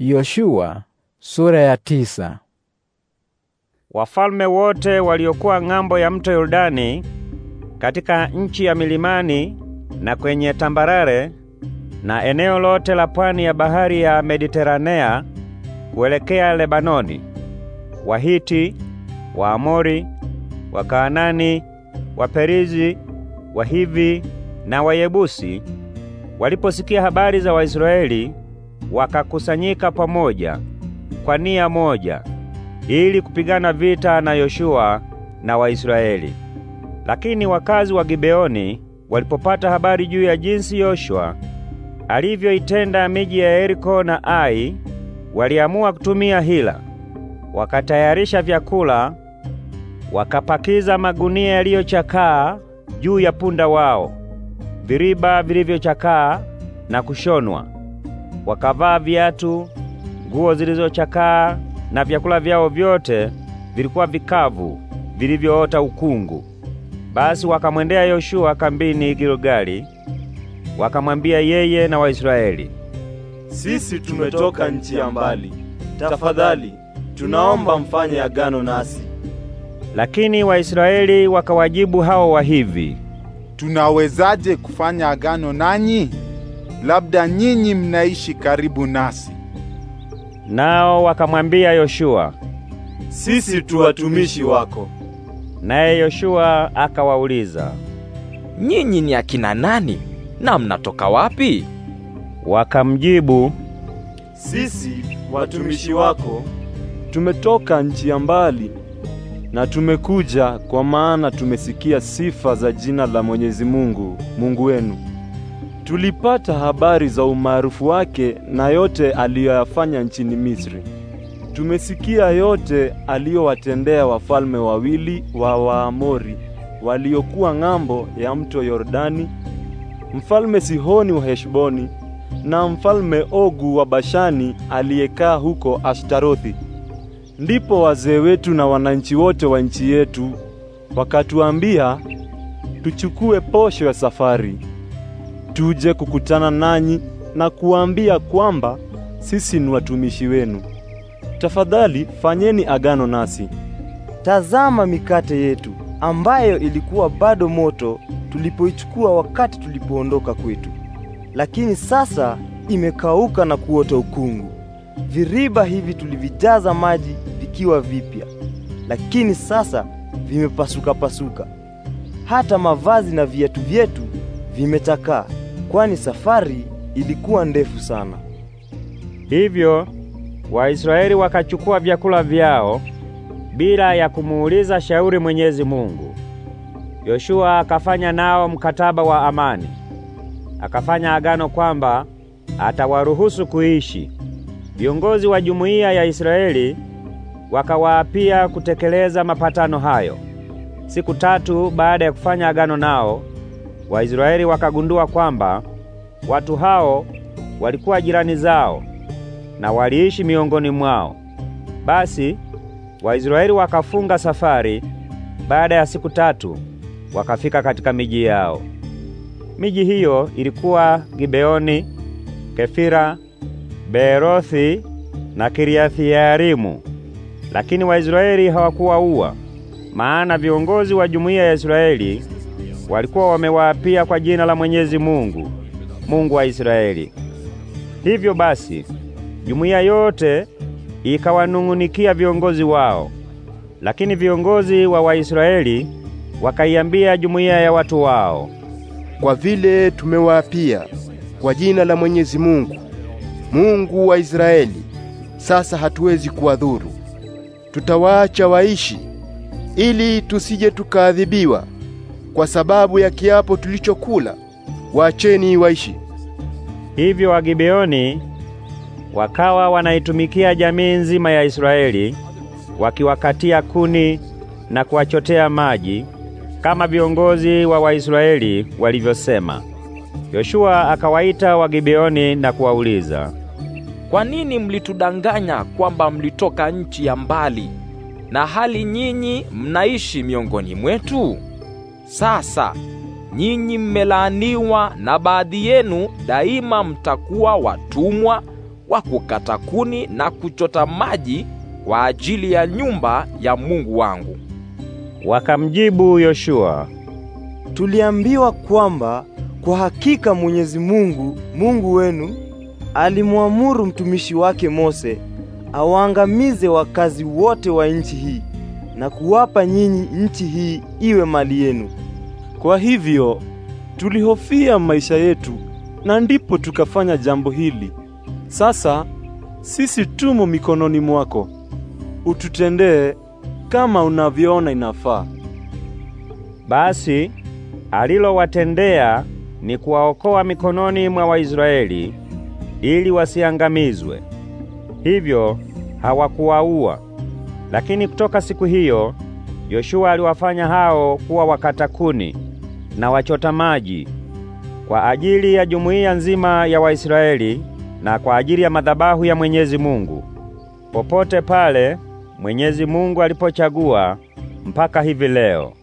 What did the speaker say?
Yoshua sura ya tisa. Wafalme wote waliokuwa ng'ambo ya mto Yordani katika nchi ya milimani na kwenye tambarare na eneo lote la pwani ya bahari ya Mediteranea kuelekea Lebanoni, Wahiti, Waamori, Wakaanani, Waperizi, Wahivi na Wayebusi waliposikia habari za Waisraeli wakakusanyika pamoja kwa nia moja ili kupigana vita na Yoshua na Waisraeli. Lakini wakazi wa Gibeoni walipopata habari juu ya jinsi Yoshua alivyoitenda miji ya Yeriko na Ai, waliamua kutumia hila. Wakatayarisha vyakula, wakapakiza magunia yaliyochakaa juu ya punda wao, viriba vilivyochakaa na kushonwa wakavaa viatu, nguo zilizochakaa na vyakula vyao vyote vilikuwa vikavu vilivyoota ukungu. Basi wakamwendea Yoshua kambini Gilgali, wakamwambia yeye na Waisraeli, sisi tumetoka nchi ya mbali, tafadhali tunaomba mfanye agano nasi. Lakini Waisraeli wakawajibu hao wa hivi, tunawezaje kufanya agano nanyi? labda nyinyi mnaishi karibu nasi. Nao wakamwambia Yoshua, sisi tu watumishi wako. Naye Yoshua akawauliza, nyinyi ni akina nani na mnatoka wapi? Wakamjibu, sisi watumishi wako tumetoka nchi ya mbali na tumekuja kwa maana tumesikia sifa za jina la Mwenyezi Mungu, Mungu wenu. Tulipata habari za umaarufu wake na yote aliyoyafanya nchini Misri. Tumesikia yote aliyowatendea wafalme wawili wa Waamori waliokuwa ng'ambo ya mto Yordani, mfalme Sihoni wa Heshboni na mfalme Ogu wa Bashani aliyekaa huko Ashtarothi. Ndipo wazee wetu na wananchi wote wa nchi yetu wakatuambia tuchukue posho ya safari tuje kukutana nanyi na kuambia kwamba sisi ni watumishi wenu. Tafadhali fanyeni agano nasi. Tazama mikate yetu ambayo ilikuwa bado moto tulipoichukua wakati tulipoondoka kwetu, lakini sasa imekauka na kuota ukungu. Viriba hivi tulivijaza maji vikiwa vipya, lakini sasa vimepasuka pasuka. Hata mavazi na viatu vyetu vimechakaa kwani safari ilikuwa ndefu sana. Hivyo Waisraeli wakachukua vyakula vyao bila ya kumuuliza shauri Mwenyezi Mungu. Yoshua akafanya nao mkataba wa amani, akafanya agano kwamba atawaruhusu kuishi. Viongozi wa jumuiya ya Israeli wakawaapia kutekeleza mapatano hayo. Siku tatu baada ya kufanya agano nao, Waisraeli wakagundua kwamba watu hao walikuwa jirani zao na waliishi miongoni mwao. Basi Waisraeli wakafunga safari. Baada ya siku tatu wakafika katika miji yao. Miji hiyo ilikuwa Gibeoni, Kefira, Berothi na kiriathi Yarimu. Lakini Waisraeli uwa maana viongozi wa jumuiya ya Israeli walikuwa wamewaapia kwa jina la Mwenyezi Mungu, Mungu wa Israeli. Hivyo basi, jumuiya yote ikawanung'unikia viongozi wao, lakini viongozi wa Waisraeli wakaiambia jumuiya ya watu wao, kwa vile tumewaapia kwa jina la Mwenyezi Mungu, Mungu wa Israeli, sasa hatuwezi kuwadhuru. Tutawaacha waishi ili tusije tukaadhibiwa kwa sababu ya kiapo tulichokula, wacheni waishi. Hivyo Wagibeoni wakawa wanaitumikia jamii nzima ya Israeli, wakiwakatia kuni na kuwachotea maji kama viongozi wa Waisraeli walivyosema. Yoshua akawaita Wagibeoni na kuwauliza, kwa nini mlitudanganya kwamba mlitoka nchi ya mbali na hali nyinyi mnaishi miongoni mwetu? Sasa nyinyi mmelaaniwa, na baadhi yenu daima mtakuwa watumwa wa kukata kuni na kuchota maji kwa ajili ya nyumba ya Mungu wangu. Wakamjibu Yoshua, tuliambiwa kwamba kwa hakika Mwenyezi Mungu, Mungu wenu alimwamuru mtumishi wake Mose awaangamize wakazi wote wa nchi hii na kuwapa nyinyi nchi hii iwe mali yenu. Kwa hivyo tulihofia maisha yetu, na ndipo tukafanya jambo hili. Sasa sisi tumo mikononi mwako, ututendee kama unavyoona inafaa. Basi alilowatendea ni kuwaokoa mikononi mwa Waisraeli ili wasiangamizwe, hivyo hawakuwaua lakini kutoka siku hiyo Yoshua aliwafanya hao kuwa wakata kuni na wachota maji kwa ajili ya jumuiya nzima ya Waisraeli na kwa ajili ya madhabahu ya Mwenyezi Mungu popote pale Mwenyezi Mungu alipochagua mpaka hivi leo.